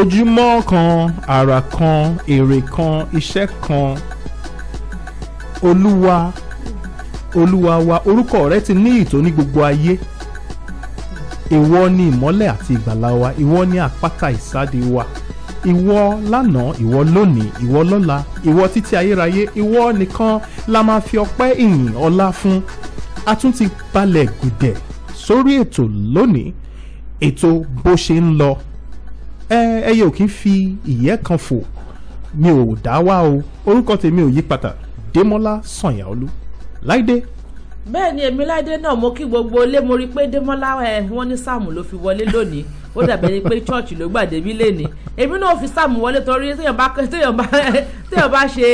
ojúmọ́ kan àrà kan èrè kan iṣẹ́ kan olúwa olúwa wa orúkọ rẹ ti ní ìtò gbogbo ayé ìwọ ni ìmọ́lẹ̀ àti ìgbàlà wa ìwọ ni àpáta ìsádi wa ìwọ lánàá ìwọ lónìí ìwọ lọ́la ìwọ títí ayérayé ìwọ nìkan la máa fi ọpẹ́ ìyìn ọlá fún a tún ti balẹ̀ gùdẹ̀ sórí ètò lónìí ètò bó ṣe ń lọ ẹyẹ ò kí ń fi ìyẹ́ kan fò mi ò dá wá o orúkọ tèmi ò yí padà Démọ́lá Sànyàolú Láìdé bẹ́ẹ̀ ni èmi láìdé náà mo kí gbogbo ilé mo rí i pé démọ́lá ẹ̀ wọ́n ní sáàmù ló fi wọlé lónìí ó dàbí ẹni pé chọ́ọ̀chì ló gbàdé mí lẹ́ni èmi náà fi sáàmù wọlé torí téèyàn bá tẹ́ ò bá ṣe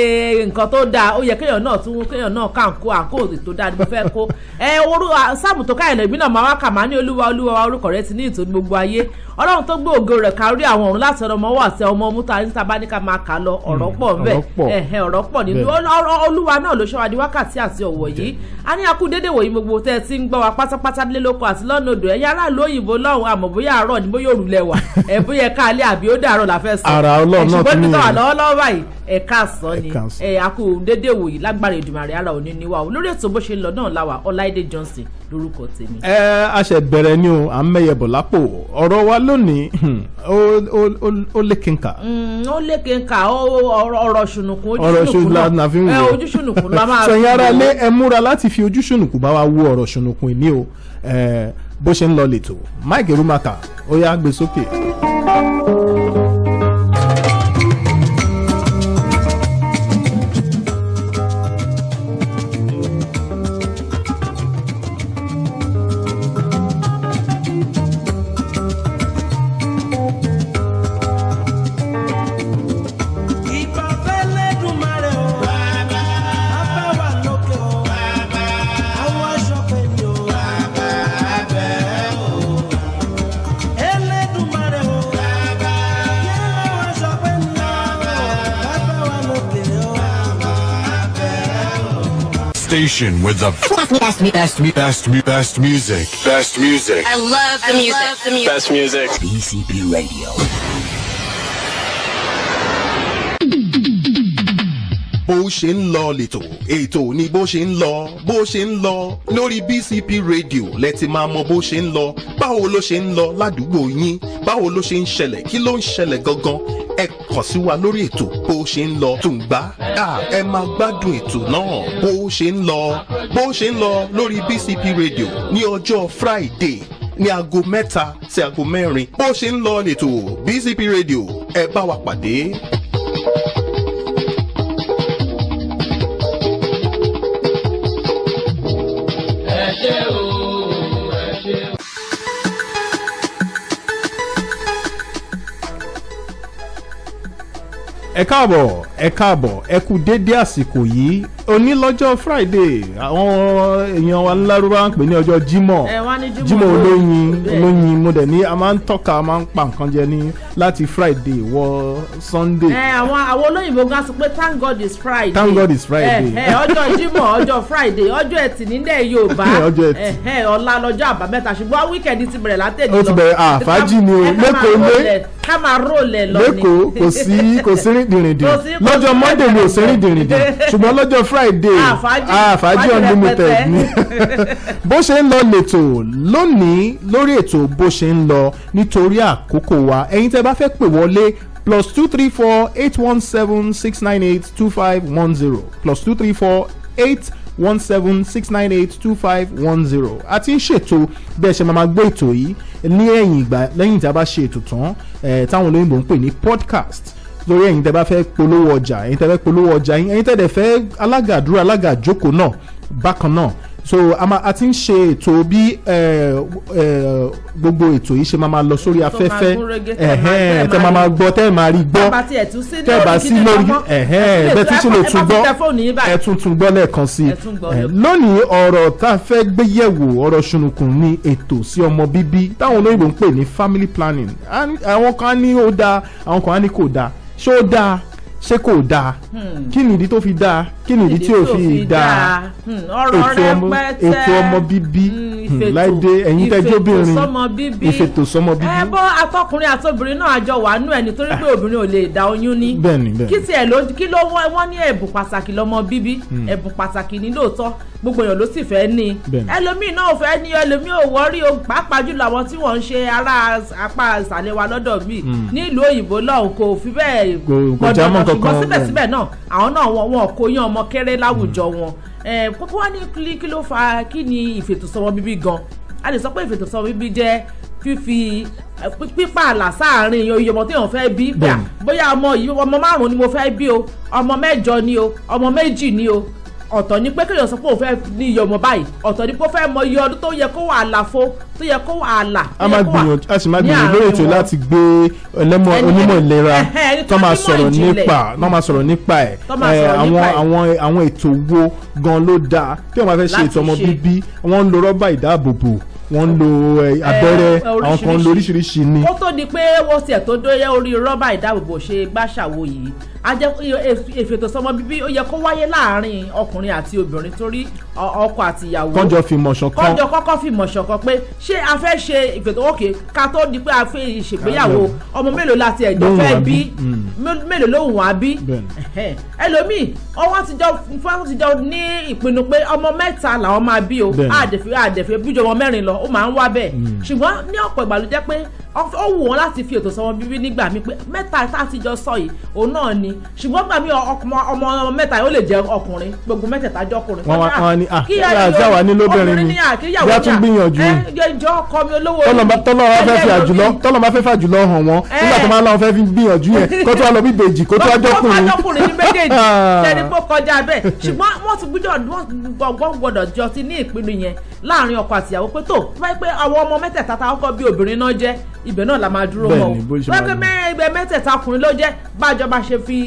nǹkan tó dáa ó yẹ kéèyàn náà tún kéèyàn náà kà ń kó àkóòdì tó dáa ni mo fẹ́ kó ẹ orú sáàmù tó káyọ̀ lẹ́gbìn náà máa wá kà máa ní olúwa olúwa orúkọ rẹ ti ní ìtòní gbogbo ayé ọlọ́run tó gbé ògo rẹ̀ kárí àwọn ọ̀run láti ọ̀rọ̀ ọmọ ọwọ́ àti ọmọ ọmú ta níta bá ní ká máa kà lọ ọ̀rọ̀ pọ̀ ń hmm, bẹ̀ ọ̀rọ̀ pọ̀ nínú olúwa náà ló ṣọ́ wa di wákàtí àti ọ̀wọ̀ yìí a ní akú dédé wòyí gbogbo tẹ́ ẹ ti ń gbọ́ wa pátápátá lé lóko àti lọ́nà odò ẹ̀yà aráàlú òyìnbó lọ́hùn àmọ́ bóyá àárọ̀ ni bóyá òrùlẹ̀ wà ẹ̀ bóyá ẹ̀ka alẹ́ àbí ó dàárọ̀ la fẹ́ sọ ẹ̀ ṣùgbọ́n káàsán ni ẹ àkú dédé wòyí lágbára Èdùmàrè ara òní níwá o lórí ètò bó ṣe lọ náà láwà Ọláìdé Johnson lórúkọ tèmi. ẹ a ṣe bẹ̀rẹ̀ ni o à ń mẹyẹbọ lápò ọ̀rọ̀ wa lónìí hmm, ó lékè nkà. Mm, ó lékè nkà ọ̀rọ̀ ṣùnùkùn ojú ṣùnùkùn náà ojú ṣùnùkùn la máa fi wò. sẹ̀yìn ara lé ẹ múra láti fi ojú bá wa wo ọ̀rọ̀ ṣùnùkùn ìní o bó ṣe ń lọ lètò Mike rumaka. ó yá gbé sókè. station with the best, best, best, best, best music. Best music. I love the I music. Love the music. Best music. BCP Radio. bó ṣe ń lọ lètò ètò ni bó ṣe ń lọ bó ṣe ń lọ lórí BCP radio lẹ ti máa mọ bó ṣe ń lọ báwo ló ṣe ń lọ ládùúgbò yín báwo ló ṣe ń ṣẹlẹ̀ kí ló ń ṣẹlẹ̀ gangan ẹ kàn sí wa lórí ètò bó ṣe ń lọ tùǹgbà ẹ máa gbádùn ètò náà bó ṣe ń lọ bó ṣe ń lọ lórí BCP Radio ní ọjọ́ Friday ní aago mẹ́ta sí aago mẹ́rin bó ṣe ń lọ lètò BCP Radio ẹ bá wa pàdé. ẹ káàbọ̀ ẹ káàbọ̀ ẹ kú dédé àsìkò yìí òní lọ́jọ́ friday àwọn èèyàn wa ńlárúbá ń pè ní ọjọ́ jímọ̀ jímọ̀ olóyin olóyin mo dẹ̀ ní a máa ń tọ́ka a máa ń pa nǹkan jẹ ní láti friday wọ sunday. ẹ àwọn àwọn olóyìnbó gan sọ pé thank god is friday. thank god is friday. ẹ ọjọ́ jímọ̀ ọjọ́ friday ọjọ́ ẹtì nílẹ̀ yorùbá ọjọ́ ẹtì ọ̀la lọ́jọ́ àbámẹ́ta ṣùgbọ́n wíkẹ̀ndì ti bẹ̀rẹ̀ látẹ̀dí lọ. ó ti bẹ̀rẹ̀ àfájì ni o lẹ́kọ̀ọ́ lé lẹ́kọ̀ọ́ kò sí kò sí rìndìnrìndìn lọ́jọ́ monday ni ò sí rìndìnrìndìn ṣùgbọ́n lọ́jọ́ friday friday àfàájì ah, ah, unlimited ni bó ṣe ń lọ lètò lónìí lórí ètò bó ṣe ń lọ nítorí àkókò wa ẹ̀yin tẹ́ bá fẹ́ pè wọlé plus two three four eight one seven six nine eight two five one zero plus two three four eight one seven six nine eight two five one zero a ti ń ṣètò bẹ́ẹ̀ ṣe máa gbé ètò yìí ní ẹ̀yìn ìgbà lẹ́yìn tí a bá ṣe ètò tán táwọn olóyìnbó ń pè ní podcast torí ẹ̀yin tẹ́ bá fẹ́ polówó ọjà ẹ̀yin tẹ́ fẹ́ polówó ọjà ẹ̀yin tẹ́ dẹ̀ fẹ́ alágàdúrà alágàjókòó náà bákan náà so ama, a ti ń ṣe ètò bí gbogbo ètò yìí ṣe máa ma lọ sórí afẹ́fẹ́ tẹ́ máa ma gbọ́ tẹ́ máa rí gbọ́ tẹ́ bá sí lórí bẹ́ẹ̀ tún ṣe lè tún gbọ́ ẹ tún tún gbọ́ lẹ́ẹ̀kan sí lónìí ọ̀rọ̀ tá a gbé yẹ̀wò ọ̀rọ̀ ṣùnùkùn ní ètò sí ọmọ bíbí táwọn olóyìnbó ń pè ní family planning àwọn kan á ní ó dáa àwọn kan á ní kò dáa ṣé ó dáa ṣé kò dáa hmm. kí nìdí tó fi dáa kí nìdí tí ò fi dáa hmm, ètò ọmọ bíbí hmm láìdé ẹ̀yin tẹ́jọ́ bìnrin ìfètò sọmọ bíbí. ẹ bọ́ atọkùnrin àtobìnrin náà àjọ wà nù ẹ̀ nítorí pé obìnrin ò lè dá oyún ní. bẹ́ẹ̀ni bẹ́ẹ̀ni kí tiẹ̀ ló kí ló wọ́n ní ẹ̀bùn pàtàkì lọ́mọ bíbí hmm. ẹ̀bùn pàtàkì ní lóòótọ́ gbogbo èèyàn ló sì fẹ́ ní. ẹlòmíì náà fẹ́ ní ẹlòmíì ò wọ́rí o pàápàá jùlọ àwọn tí wọ́n ń ṣe ará apá ìsàlẹ̀ wa lọ́dọ̀ mi hmm. nílùú òyìnbó lọ́hùn kò fi bẹ́ẹ̀ gbọ́dọ̀ ṣùgbọ́n síbẹ̀síbẹ̀ náà àwọn náà wọn kò yán ọmọ kéré láwùjọ wọn Eh, kókó wá ní kí ló fa kí ni ìfètòsọ́mọ bíbí gan a lè sọ pé ìfètòsọ́mọ bíbí jẹ́ fífi eh, pípa àlà sáàárín oyè ọmọ téèyàn fẹ́ bí gbà bóyá ọmọ yìí ọmọ márùn-ún ni mo fẹ́ bí o ọmọ mẹ́jọ ni o ọmọ méjì ni o ọ̀tọ̀ ni pé kéèyàn sọ pé òun fẹ́ ní iye ọmọ báyìí ọ̀tọ̀ ni pé ó fẹ́ mọ iye ọdún tó yẹ kó wà àlàfo tó yẹ kó wà àlà. a máa gbìyànjú a sì máa gbìyànjú lórí ètò láti gbé onímọ̀ ìlera tó máa sọ̀rọ̀ nípa tó máa sọ̀rọ̀ nípa ẹ̀ eh, àwọn ètò wo gan ló dáa tí wọ́n máa fẹ́ ṣe ètò ọmọ bíbí wọ́n ń lo rọ́bà ìdáàbòbò wọ́n ń lo eh, eh, abẹ́rẹ́ àwọn kan ń lo oríṣiríṣi ni. ó tó di pé wọ́n tiẹ̀ tó dóyẹ́ orí rọ́bà ìdáàbòbò ṣe gbàṣàwò yìí a jẹ́ èfètò sọmọ bíbí ó yẹ kó wáyé láàárín ọkùnrin àti obìnrin torí ọkọ àti ìyàwó kọjọ fi mọ̀ṣọ̀ kan kọjọ kọ́kọ́ fi mọ̀ṣọ̀ kan pé ṣé a fẹ́ ṣe ìfètò òkè ká tó di pé a fẹ́ ìṣègbéyàwó ọmọ mélòó láti ẹ̀jọ́ fẹ́ bí mm. mélòó lóhùn wá bí ẹlòmíì ọwọ́ ti jọ fún ti jọ ní ìpinnu pé ọmọ mẹ́ta làwọn máa bí o àdèfé àdèfé bíjọ ọmọ mẹ́rin lọ ó máa ń wá bẹ́ẹ̀ mm. ṣùgbọ́n ní ọ̀pọ̀ ìgbà ló jẹ́ pé ó wù wọ́n láti fi ètò sọmọ bíbí nígbà mi pé mẹ́ta tá a ti jọ sọ yìí òun náà ni ṣùgbọ́n gbà mí ọmọ mẹ́ta yóò lè jẹ ọkùnrin gbogbo mẹ́tẹ̀ẹ̀ta jọ ọkùnrin. wọn wá ní à ah, kí àjáwá ní lóbìnrin ni ah, bí a tún gbìyànjú. ẹjọ ọkọ mi olówó mi tọ́lọ́mọ fẹ́ fi àjùlọ tọ́lọ́mọ fẹ́ fi àjùlọ hàn wọ́n nígbà tó máa láwọn fẹ́ fi gbìyànjú yẹn kó tó wá lọ bí bèjì kó tó wá jọkùnrin. ọkùnrin ní méjèèjì tẹni kó kọjá bẹ́ẹ̀ ṣùgbọ́n wọ́n ti gbọ́dọ̀ gbọ́dọ̀ jọ ti ní ìpinnu yẹn láàrin ọkọ àtìyàwó pé tó pé àwọn ọmọ mẹ́tẹ̀ẹ̀ta ta ọkọ bí obìnrin náà jẹ́ ibẹ̀ náà la máa dúró mọ́ o wọ́n pé ibẹ̀ mẹ́tẹ̀ẹ̀ta ọkùnrin ló jẹ́ bájọba ṣe fi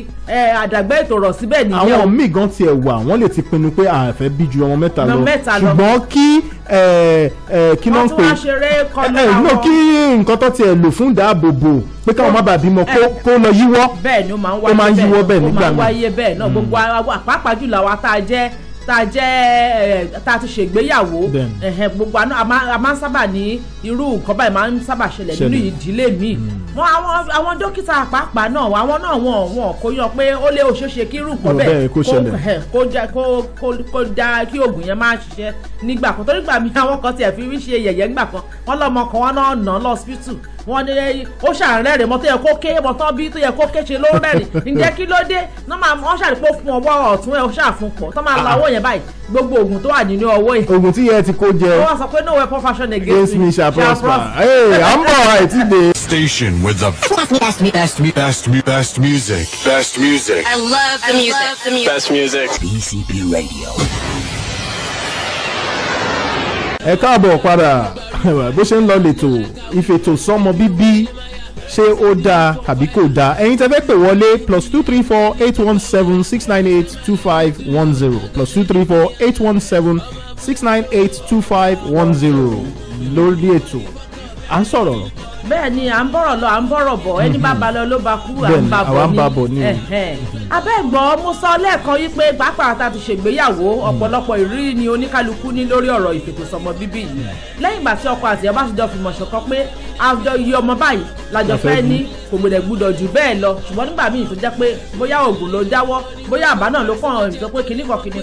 àdàgbẹ́ ètò rọ̀ síbẹ̀ nìyẹn o. àwọn míì gan tiẹ̀ wà wọ́n lè ti pinnu pé a fẹ́ bí ju ọmọ mẹ́ta lọ ṣùgbọ́n kí kí náà ń pè é náà kí nǹkan tó tiẹ̀ lò fún ìdáàbòbò pé káwọn má bàa bímọ kó lọ yíwọ́ bẹ́ẹ̀ ni ó máa ń wáyé bẹ́ẹ̀ nígbà hmm. míì tá a jẹ́ tá ti ṣègbéyàwó gbogbo àná a máa sábà ní irú nǹkan báyìí máa ń sábà ṣẹlẹ̀ nínú ìdílé mi hmm. àwọn dókítà pàápàá náà àwọn náà wọn wọn kò yọ pé ó lé òṣèṣe kí irú nǹkan bẹ́ẹ̀ kó da kí oògùn yẹn máa ṣiṣẹ́ nígbà kan torí gbà mí àwọn kan tiẹ̀ fi rí ṣe yẹ̀yẹ́ nígbà kan wọ́n lọ́mọ kan wọn náà nà lọ́sibítù wọ́n ní ó ṣàrẹ́rẹ́ mọ́ tó yẹ kó ké mọ́ tán bí tó yẹ kó ké ṣe ló rẹ́rìn ǹjẹ́ kí ló dé wọ́n ṣàdìpó fún ọwọ́ ọ̀tún ẹ̀ ṣàfún pọ̀ tán máa la owó yẹn báyìí gbogbo oògùn tó wà nínú ọwọ́ yìí. oògùn tí yẹn ti kó jẹ. wọ́n sọ pé no weapon fashion against me shall prosper. ee à ń bọ̀ àìtí station with the best, best, best, best music. Best music. I love the music. Love the music. Best music. BCB Radio. ẹ káàbọ̀ padà. bó ṣe ń lọ lètò ìfètò sọmọ bíbí ṣé ó dáa tàbí kò dáa ẹ̀yin tẹ́ fẹ́ pè wọlé plus two three four eight one seven six nine eight two five one zero plus two three four eight one seven six nine eight two five one zero lórí ètò à ń sọ̀rọ̀ bẹ́ẹ̀ ni à ń bọ̀rọ̀ lọ à ń bọ̀rọ̀ bọ̀ ẹni bá mhm. balẹ̀ ló bá kú à ń bá bọ̀ ni abẹ́gbọ́n mo sọ lẹ́ẹ̀kan yí pé pàápàá ta ti ṣègbéyàwó mhm. ọ̀pọ̀lọpọ̀ ìrírí ni oníkálukú ní lórí ọ̀rọ̀ ìfètòsọ́mọ bíbí yìí lẹ́yìn ìgbà tí ọkọ àti ẹ̀ bá ṣe jọ fìmọ̀ ṣọ̀kan pé àjọ iye ọmọ báyìí lájọ fẹ́ ní kò gbọdọ̀ gbúdọ̀ jù bẹ́ẹ̀ lọ ṣùgbọ́n nígbà míì tó jẹ́ pé bóyá oògùn ló jáwọ́ bóyá àbá náà ló fọ́n ọ̀rìn tó pé kinní kan kinní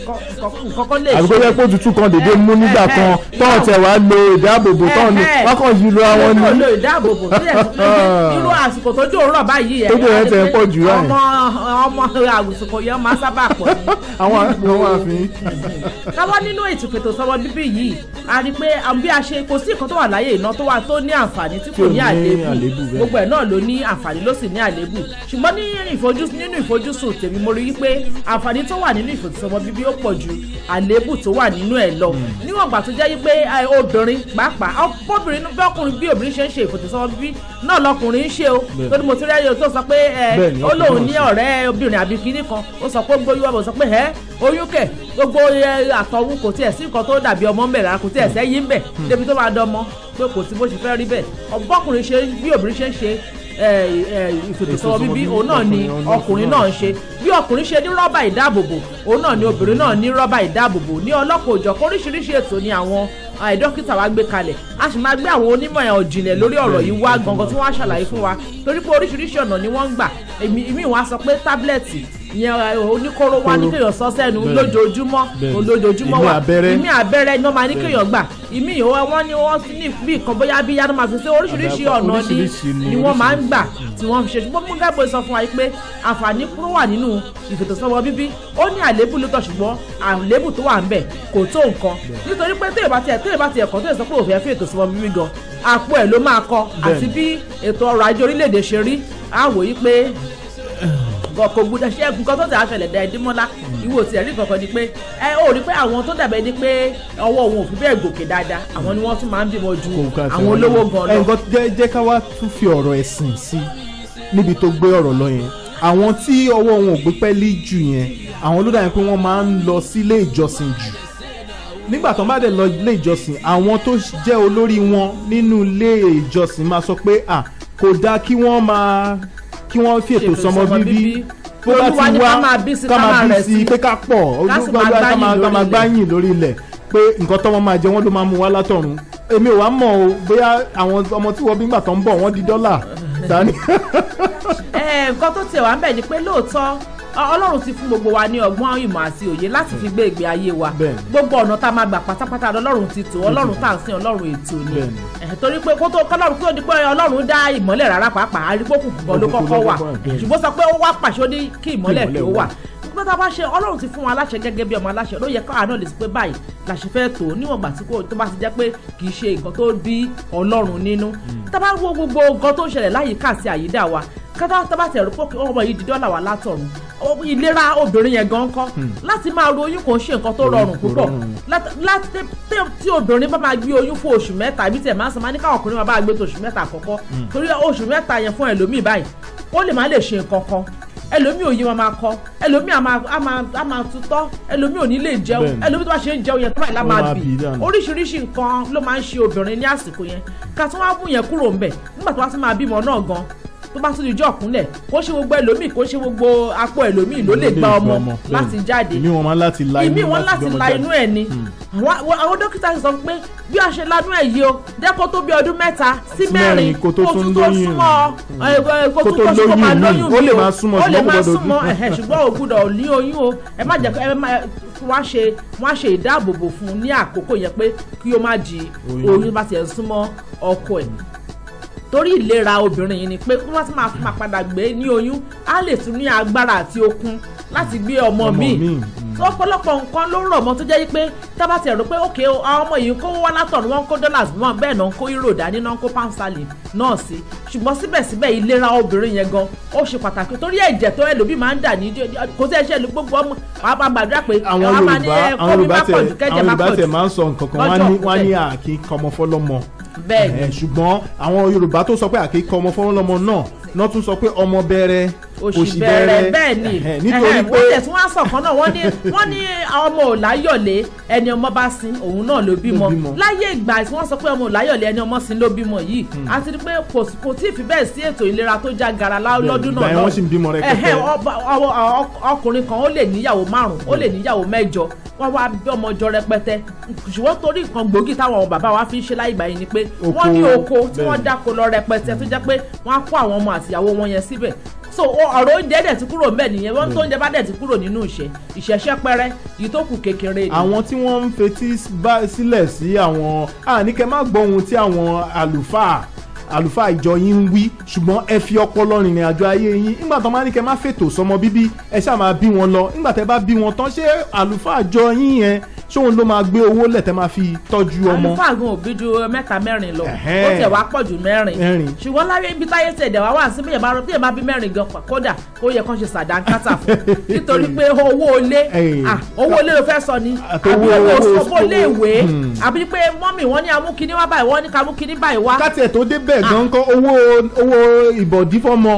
lè ṣe. àbíkó jẹ́ pé òtútù kan dèdè mú nígbà kan tọ́ọ̀ tẹ̀ lo ìdáàbòbò tọ́ọ̀ wákàn yìí lo àwọn ní ṣòfò tó yẹ irú àsìkò tó jò rọ̀ báyìí yẹ tó yẹ tẹ pọ̀ jù rà yẹn ọmọ ọmọ àwùsùkò yẹn máa sábà pọ̀ sí. àwọn àwọn àfin. káwọ́ nínú ètò ìpètò sọ̀rọ̀ bíbí yìí a rí i pé bí a ṣe kò sí nǹkan tó wà láyé iná tó wà tó ní àǹfààní tí kò ní àléébù gbogbo ẹ̀ náà ló ní àǹfààní ló sì ní àléébù ṣùgbọ́n nínú ìfojúsùn tèmi mo rí i pé àǹfààní tó wà nínú ìfòsọmọ bíbí ó pọ̀ ju àléébù tó wà nínú ẹ̀ lọ hmm. níwọ̀n ìgbà tó jẹ́ pé obìnrin pàápàá ọkùnrin bí obìnrin ṣe ń ṣe ìfòsọmọ ọmọ bíbí náà lọkùnrin ń ṣe o torí mo ti rí ayé tó sọ pé ẹ ó lóun ní ọ̀rẹ́ obìnrin àbí kinní kan ó sọ pé ó gbóyún ọmọ sọ pé ẹ oyún kẹ gbogbo àtọwú kò tiẹ̀ sí nǹkan tó dàbí ọmọ ń bẹ̀ rárá kò tiẹ̀ sẹ́yìn ń bẹ̀ hmm. Hmm. débi tó máa dọmọ pé kò sí bó ṣe fẹ́ rí bẹ́ẹ̀ ọbọ̀kùnrin ṣe bí obìnrin ṣe ń ṣe ìfètòsọ́wọ́ bíbí òun náà ni ọkùnrin náà ń ṣe bí ọkùnrin ṣe ní rọ́bà ìdáàbòbò òun náà ni obìnrin náà ní rọ́bà ìdáàbòbò ní ọlọ́kọ̀ òjọ̀kọ̀ oríṣiríṣi ètò ni àwọn dókítà wa gbé kalẹ̀ a sì máa gbé àwọn onímọ̀ ẹ̀ ọ̀jìnlẹ̀ lórí ọ̀rọ̀ yìí wá gangan tí wọ́n á ṣàlàyé fún wa torí pé oríṣiríṣi ọ̀nà ni wọ́n ń gbà èmi ìwọ̀n á sọ pé tábìlẹ̀tì ìyẹn eh, oníkóró wa ní kéèyàn sọ sẹ́nu lójoojúmọ́ lójoojúmọ́ wa ìmí abẹ́rẹ́ iná máa ní kéèyàn gbà ìmí ìwọ wọn ni wọ́n ti ní bí nǹkan bóyá bí yánnú máa fi ṣe oríṣiríṣi ọ̀nà ni wọ́n máa ń gbà tí wọ́n fi ṣe ṣùgbọ́n mú gábò sọ fún wa pé àǹfààní kúrò wà nínú ìfètòsọ́wọ́ bíbí ó ní àléébù lótọ̀ ṣùgbọ́n àléébù tó wà ń bẹ̀ kò tó nǹkan nítorí pé téèyàn bá tiẹ̀ téèyàn bá tiẹ̀ kọ́ téèyàn sọ pé òfin ẹ̀ fi ètòsọ́wọ́ bíbí gan àpò ẹ̀ ló máa kọ àti bí ètò ọrọ̀ ajé orílẹ̀-èdè ṣe rí á wò yí pé kò gbúdọ̀ ṣe ẹkùn kan tó ti àṣẹlẹ̀ dá ẹdín mọ́lá ìwò tí ẹ̀rí kankan ni pé ẹ ò rí pé àwọn tó dàbẹ̀ ni pé ọwọ́ wọn ò fi bẹ́ẹ̀ gòkè dáadáa àwọn ni wọ́n tún máa ń bímọ ju àwọn olówó gan lọ. ẹ nǹkan jẹ́ ká wá tún fi ọ̀rọ̀ ẹ̀sìn sí níbi tó gbé ọ̀rọ̀ lọ yẹn àwọn tí ọwọ́ wọn ò gbé pẹ́ẹ́lí jù yẹn àwọn ló dàbí pé wọ́n máa ń lọ sí ilé ìjọsìn jù nígbà tó ń bá dẹ̀ lọ ilé ìjọsìn àwọn tó jẹ́ olórí wọn nínú ilé ìjọsìn máa sọ pé ah kò dáa kí wọ́n máa kí wọ́n fètò sọmọ bíbí tó ká máa bí sí pé ká pọ̀ ojúgbàgbà ká máa gbáyìn lórí ilẹ̀ pé nǹkan tọ́mọ máa jẹ wọ́n ló máa mú wá látọ̀run èmi ò wá mọ̀ o bóyá àwọn ọmọ tí wọ́n bí gbà tó ń bọ̀ wọ́n di dọ́là dání. ẹ nǹkan tó tiẹ̀ wá ń bẹ̀ ni pé lóòótọ́ ọlọ́run ti fún gbogbo wa ní ọgbọ́n ìmọ̀ àti òye láti fi gbé ìgbé ayé wa gbogbo ọ̀nà tá a máa gbà pátápátá ọlọ́run ti tò ọlọ́run tá à ń sìn ọlọ́run ètò ni torí pé kó tó kọ́lọ́run tó ọlọ́run dá ìmọ́lẹ̀ rárá pàápàá arípòkù kan ló kọ́kọ́ wà ṣùgbọ́n sọ pé ó wá pàṣẹ ó ní kí ìmọ́lẹ̀ tó wà pé tá a bá ṣe ọlọ́run ti fún wa láṣẹ gẹ́gẹ́ bí ọmọ aláṣẹ ló yẹ káwa náà lè sọ pé báyìí la ṣe fẹ́ tó níwọ̀n gbà tí kò tó bá ti jẹ́ pé kì í ṣe nǹkan tó bí ọlọ́run nínú hmm. tá a bá wo gbogbo nǹkan tó ń ṣẹlẹ̀ láyìíká àti àyídà wa kátà tá a bá tẹ̀ rú pé ọmọ yìí di dọ́là látọ̀run ìlera obìnrin yẹn gan kọ́ hmm. láti máa ro oyún kò ṣe nǹkan tó rọrùn púpọ̀ tí obìnrin bá máa gbé oyún fún oṣù mẹ́ta àbí tiẹ̀ máa ń sọ ní káwọn ọkùnrin máa bá gbé tó oṣù mẹ́ta àkọ́kọ́ hmm. torí oṣù mẹ́ta yẹn fún ẹlòmíì báyìí ó lè má lè ṣe nǹkan kan ẹlòmíì òye máa kọ ẹlòmíì a máa tutọ́ ẹlòmíì ò ní lè jẹun ẹlòmíì tó bá ṣe ń jẹun yẹn tó báyìí la máa bì oríṣiríṣi nǹkan ló máa ń ṣe obìnrin ní àsìkò yẹn ká mú yẹn kúrò ńbẹ̀ nígbà tó wá tún máa bímọ náà gan tó bá tún di ọjọ́ ìkúnlẹ̀ kó ṣe gbogbo ẹlòmíì kó ṣe gbogbo apò ẹlòmíì ló lè gba ọmọ láti jáde ìmí wọn láti la inú ẹ̀ ni hmm. àwọn dókítà sọ pé bí a ṣe lanú ẹ̀ yìí o jẹ́ kó tó bí ọdún mẹ́ta sí mẹ́rin kó tó tún súnmọ́ kó tó tún súnmọ́ máa lóyún mi o ó lè máa súnmọ́ ṣùgbọ́n o gbọ́dọ̀ ní oyún o ẹ má jẹ́ ẹ má wá ṣe wá ṣe ìdáàbòbò fún un ní àkókò yẹn pé kí o má di oyún bá tiẹ̀ súnmọ́ ọkọ ẹ̀ torí ìlera obìnrin yìí ni pé kí wọ́n ti máa fi máa padà gbé ní oyún á lè tún ní agbára àti okun láti gbé ọmọ míì ọ̀pọ̀lọpọ̀ nǹkan ló rọ̀ mọ́ tó jẹ́ pé tábà ti rò pé òkè ọmọ yìí kó wá látọ̀run wọn kó dollars mọ́ bẹ́ẹ̀ náà kó euro dání náà kó pound sterling náà sí ṣùgbọ́n síbẹ̀síbẹ̀ ìlera obìnrin yẹn gan ó ṣe pàtàkì torí ẹ̀jẹ̀ tó ẹlòmíì máa ń dà ní kò sí ẹṣẹ́ ìlú gbogbo ọmọ pàápàá gbàdúrà pé àwọn Yorùbá àwọn Yorùbá tẹ máa ń sọ nǹkan kan wọ́n ní àkínkọmọfọlọmọ bẹ́ẹ̀ ni ṣùgbọ́n àwọn Yorùbá tó sọ pé àkíkọ ọmọ fọwọ́lọ́mọ náà náà tún sọ pé ọmọ bẹ̀rẹ̀ òṣì bẹ̀rẹ̀ bẹ́ẹ̀ ni nítorí pé wọ́n tẹ̀sí wọ́n sọ̀kan náà wọ́n ní wọ́n ní ọmọ ò láyọ̀lé ẹni ọmọ bá sin òun náà ló bímọ láyé ìgbà tí wọ́n sọ pé ọmọ ò láyọ̀lé ẹni ọmọ sin ló bímọ yìí àti hmm. pé kò tí ì fi bẹ́ẹ̀ sí ètò ìlera tó já gara lọ́dún náà lọ ọkùnrin kan ó lè níyàwó márùn ó lè níyàwó mẹ́jọ wọ́n wá bí ọmọ jọ rẹpẹtẹ ṣùgbọ́n torí nǹkan gbòógì táwọn bàbá wa fi ń ṣe láì gbà yìí ni pé wọ́n ní oko tí wọ́n dáko lọ rẹpẹtẹ tó jẹ́ pé wọ́n á kó àwọn ọmọ àtìyàwó wọn yẹn síbẹ̀ so ọ̀rọ̀ oúnjẹ dẹ̀ ti kúrò mbẹ̀ nìyẹn wọ́n tó oúnjẹ bá dẹ̀ ti kúrò nínú ìṣẹ́ ìṣẹ́ṣẹ́ pẹ́rẹ́ yìí tó kù kékeré ni. àwọn tí wọ́n ń fetí sílẹ̀ sí àwọn àníkẹ́ má gbọ́ ohun tí àwọn àlùfáà àlùfáà ìjọ yín ń wí ṣùgbọ́n ẹ fi ọpọlọ rìnrìn àjò ayé yín nígbà tó máa ní kẹ́ má fètò sọmọ bíbí ẹ ṣáà máa bí wọn lọ nígbà tẹ́ bá bí wọn tán ṣé àlùfáà ìjọ yín yẹn ṣóun ló máa gbé owó lẹ̀ tẹ́ máa fi tọ́jú ọmọ. àlùfáà gan òbí ju eh, mẹ́ta mẹ́rin lọ ó tẹ̀ wá pọ̀ ju mẹ́rin ṣùgbọ́n láyé ibi táyé tẹ̀ dẹ̀ wá wà sí bíyẹn bá rọ bíyẹn bá bí mẹ́rin gan kódà ó yẹ kán ṣe sàdánkátà fún nítorí pé owó olé owó olé ló fẹ́ sọ ni àbí owó sọ́kó léèwé hmm. àbí pé mọ́mì wọ́n ní amúkiní wá báyìí wọ́n ní kamúkiní báyìí wá. káti ẹ̀ tó dé bẹ́ẹ̀ gan kọ́ owó owó ìbọ̀dí fọ́mọ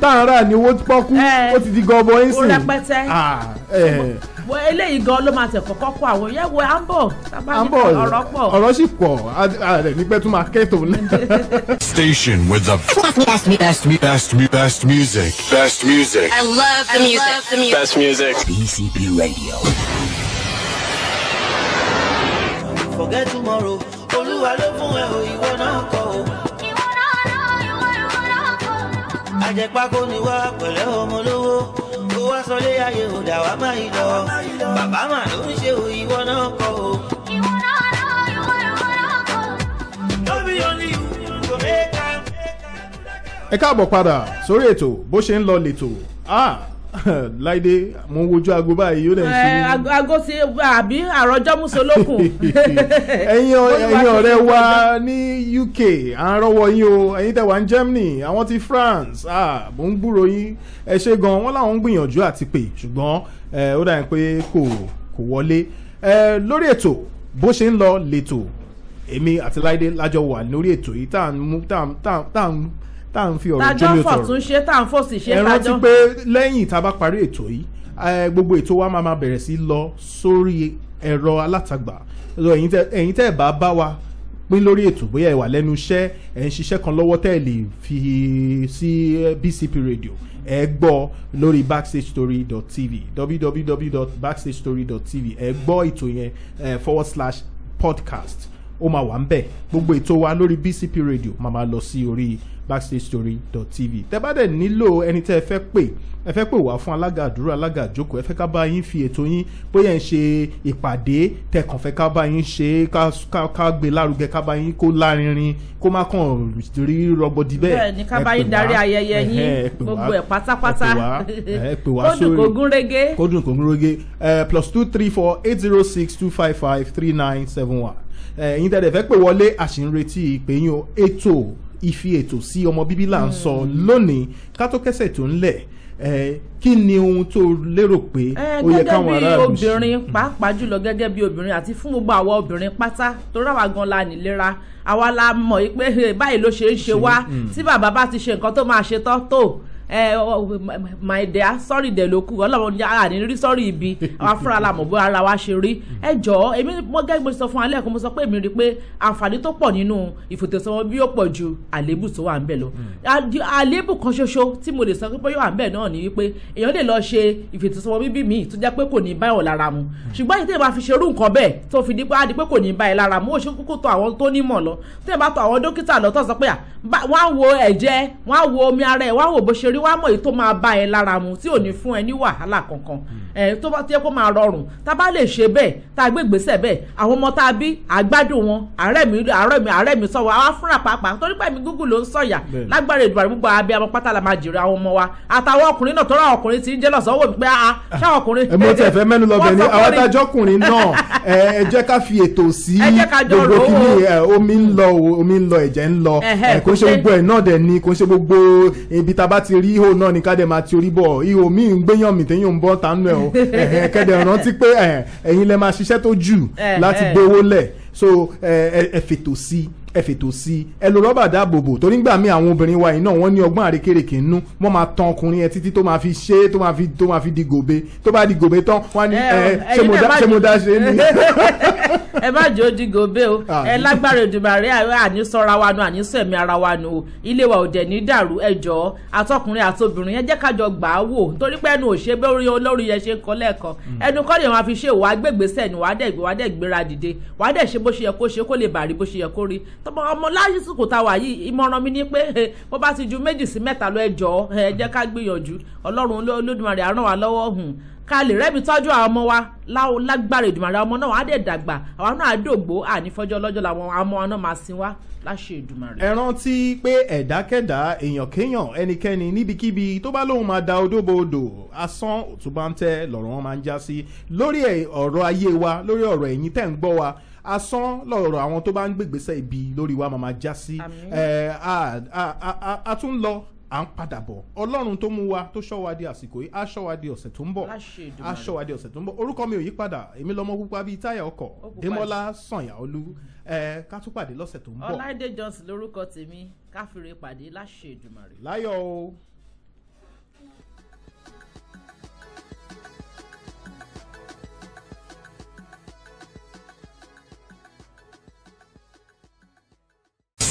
tààrà ni owó pọ́kú ó ti di gọbọ ẹ̀ ń sìn. ó rẹpẹtẹ wọ eléyìí gan ló máa tẹ̀ kọ́kọ́ kọ́ àwọn yẹ wo ambo ambo ọ̀rọ̀ pọ̀ ọ̀rọ̀ sì pọ̀ ààrẹ nígbẹ́ tún máa kẹ́tò náà. station with the best, best, best, best music best music I love the music, I music. best music BCB radio. forget tomorrow olúwa ló fún ẹ o ìwọ náà kọ o. ìwọ náà lọ ìwọ náà kọ. àjẹpákó ni wá pẹ̀lẹ́ ọmọ lówó wá sọlé ayé ò dà wá má yìí lọ bàbá mà ló ń ṣe ìwọ náà kọ o. ẹ káàbọ̀ padà sórí ètò bó ṣe ń lọ lètò ah, láìdé mo ń wojú aago báyìí yóò dẹ̀ ń ṣe. Eh, aago ti àbí àròjọ́ musolókun. ẹ̀yin ọ̀rẹ́ wa ní UK à ń rọ́wọ́ yín o ẹ̀yin tẹ̀ wá ní Germany àwọn ti France mo ń gbúrò yín ẹ ṣe gan wọ́n làwọn ń gbìyànjú àti pè ṣùgbọ́n ó dà pé kò kò wọlé lórí ètò bó ṣe ń lọ lètò èmi àti láìdé lájọ wà lórí ètò yìí tá à ń tá à ń fi ọ̀rọ̀ jómi sọ̀rọ̀ tájọ́ fọ̀túnṣe tá à ń fòsì ṣe tájọ́. ẹ rántí pé lẹ́yìn tá a bá parí ètò yìí gbogbo ètò wa máa máa bẹ̀rẹ̀ sí lọ sórí ẹ̀rọ alátagbà ẹ̀yin tẹ́ bá bá wa pín lórí ètò bóyá ẹ wà lẹ́nu iṣẹ́ ń ṣiṣẹ́ kan lọ́wọ́ tẹ́ ẹ lè fi sí BCP radio ẹ gbọ́ lórí backstagestory.tv www.backstagestory.tv ẹ gbọ́ ètò yẹn forward slash podcast ó máa wà ń bẹ̀ gbogbo ètò wa lórí BCP radio máa máa lọ sí orí backstagestory.tv tẹ́ bá dẹ̀ nílò ẹni tẹ́ ẹ fẹ́ pè ẹ fẹ́ pè wá fún alága àdúrà alága àjókòó ẹ fẹ́ ká bá yín fi ètò yín bóyá ń ṣe ìpàdé tẹkàn fẹ́ ká bá yín ṣe ká gbé lárugẹ ká bá yín kó lárinrin kó má kàn rí rọgbọdì bẹ́ẹ̀ bẹ́ẹ̀ ni ká bá yín darí ayẹyẹ yín gbogbo ẹ̀ pátápátá kó dùn kó gún régé kó dùn kó plus two three four eight zero six two five five three nine seven one. Eh, ẹ̀yin tẹ̀lé fẹ́ pè wọlé a sì ń retí ìpè yín o ètò ìfi ètò sí ọmọ bíbí là ń sọ hmm. lónìí ká tó kẹ́sẹ̀ tó ń lẹ̀ Eh, kí ni ohun tó lérò pé eh, ó yẹ káwọn aráàlú ṣe. gẹ́gẹ́ bí obìnrin pàápàá jùlọ gẹ́gẹ́ bí obìnrin àti fún gbogbo àwa obìnrin pátá tó ráwa gan la nílera àwa la mọ̀ pé báyìí ló ṣe ń ṣe wá hmm. tí bàbá bá ti ṣe nǹkan tó máa ṣe tán tó ẹ eh, oh, oh, my dear sorry dẹ̀ ló kù ọlọ́run ní ara ní rí sorry ibi àwọn afúnra la mọ̀ bó ara wa ṣe rí ẹ jọ̀ọ́ èmi mo gẹ́gẹ́ mo sọ fún alẹ́ kan mo sọ pé èmi rí i pé àǹfààní tó pọ̀ nínú ìfòtẹ́sọ́mọ bí ó pọ̀ ju àléébù tó wà ń bẹ̀ lọ hmm. àléébù kan ṣoṣo tí mo lè sọ pé yóò wà ń bẹ̀ náà ni wípé èèyàn lè lọ ṣe ìfòtẹ́sọ́mọ bíbí mi tó jẹ́ pé kò ní báyọ̀ lára mu hmm. ṣùgbọ́n èyí tẹ́ bá fi ṣerú nǹkan bẹ́ẹ̀ tó fi di pé á di pé kò ní báyìí lára mu ó ṣe kókó tó àwọn tó nímọ̀ lọ tẹ́ bá tó àwọn dókítà lọ tó sọ pé wọ́n á wo ẹ̀jẹ̀ wọ́n á wo omi ara ẹ̀ wọ́n á wo bó ṣe rí obìnrin wa mọ̀ èyí tó máa bá ẹ lára mu tí ò ní fún ẹ ní wàhálà kankan hmm. tó bá tiẹ̀ kó máa rọrùn tá a bá lè ṣe bẹ́ẹ̀ tá a gbé ìgbésẹ̀ bẹ́ẹ̀ àwọn ọmọ tá a bí àgbádùn wọn àárẹ̀ mi àárẹ̀ mi àárẹ̀ mi sọ̀wọ́ àwa fúnra pàápàá torí pé mi gúgùn ló ń sọ̀yà lágbára ìdùbàrẹ̀ gbogbo abẹ́ àwọn pátá la máa jèrè àwọn ọmọ wa àtàwọn ọkùnrin náà tọ́ra ọkùnrin ti ń jẹ́ lọ́sàn-án wò pé a ah, ah, ṣáà ọkùnrin. ẹ mọ tí ẹ fẹ́ mẹ́nu lọ bẹ ni àwọn adájọkùnrin náà ẹ jẹ́ ká fi ètò sí gbogbo kíní omi ń lọ omi ń lọ ẹ̀jẹ̀ ni kò ń ṣe gbogbo ibi tá torí ihò náà ni kádẹ máa ti orí bọ̀ ihò míì ń gbéyàn mi téyàn ń bọ́ ta nù o kẹ́dẹ̀ rántí pé ẹ̀yin lẹ máa ṣiṣẹ́ tó jù láti gbowó lẹ̀ so ẹ fètò sí i ẹ fètò sí i ẹ lo rọ́bà dáàbòbò torí nígbà míì àwọn obìnrin wa yìí náà wọ́n ní ọgbọ́n àrékèrèké nínú wọ́n máa tan ọkùnrin yẹn títí tó máa fi ṣe é tó máa fi tó máa fi di gòbe tó bá di gòbe tán wọ́n ní ẹ ṣé mo dá ṣe ni. ẹ má jẹ́ ó di gòbe o ah. ẹ lágbára Èdùmàrè àníṣọ́ra wa nu àníṣẹ̀mí ara wa nu o ilé wa ò dẹ̀ ní dàrú ẹ jọ̀ọ́ àtọkùnrin àtobìnrin yẹn jẹ́ ká jọ gbà á wò torí pé ẹnu ò ṣe bẹ́ orí olórí yẹn ṣe ń kọ́ lẹ́ẹ̀kan hmm. ẹnu kọ́ ni wọ́n fi ṣe ìwà gbẹ̀gbẹ́sẹ̀ ni wàá dẹ̀ gbéra dìde wàá dẹ̀ ṣe bó ṣe yẹ kó ṣe kó lè bàrí bó ṣe yẹ kó rí t tọmọ ọmọ lásìkò tá a wà yìí ìmọ̀ràn mi ni pé eh, bó bá ti ju méjì sí mẹ́ta lọ ẹ jọ̀ọ́ ẹ jẹ́ ká gbìyànjú ọlọ́run olódùmarè á ràn lọ́wọ́ ká lè rẹ́bi tọ́jú àwọn ọmọ wa lágbára ìdùmarè ọmọ náà á dẹ̀ dàgbà àwọn náà á dògbò ànífọ́jọ́ lọ́jọ́ làwọn ọmọ wa náà máa sin wá láṣẹ ìdùmarè. ẹ rántí pé ẹ̀dákẹ́dá èèyàn kéèyàn ẹnikẹ́ni níbikíbi tó bá lóun máa da odóbo odò asán òtúbáńtẹ́ lọ̀rọ̀ wọn máa ń já sí lórí ọ̀rọ̀ ayé wa lórí ọ̀rọ̀ ẹ̀yin tẹ́ ń gbọ́ wa asán lọ̀rọ̀ àwọn tó bá ń gbègbèsẹ̀ ibi lórí wa máa já sí a tún lọ à ń padà bọ̀ ọlọ́run tó mú wa tó ṣọ́ wa di àsìkò yìí á ṣọ́ wa di ọ̀sẹ̀ tó ń bọ̀ á ṣọ́ wa di ọ̀sẹ̀ tó ń bọ̀ orúkọ mi ò yí padà èmi lọmọ pupa bíi táyà ọkọ̀ Démọ́lá Sànyà Olú ẹ ká tún pàdé lọ́sẹ̀ tó ń bọ̀. Ọláìdé Johnson lórúkọ tèmi káfíńrè pàdé láṣẹ Èdùmàrè. láyọ̀ o.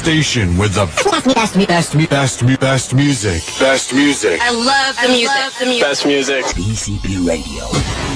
station with the best, best, best, best, best music. Best music. I love the I music. Love the music. Best music. BCB Radio.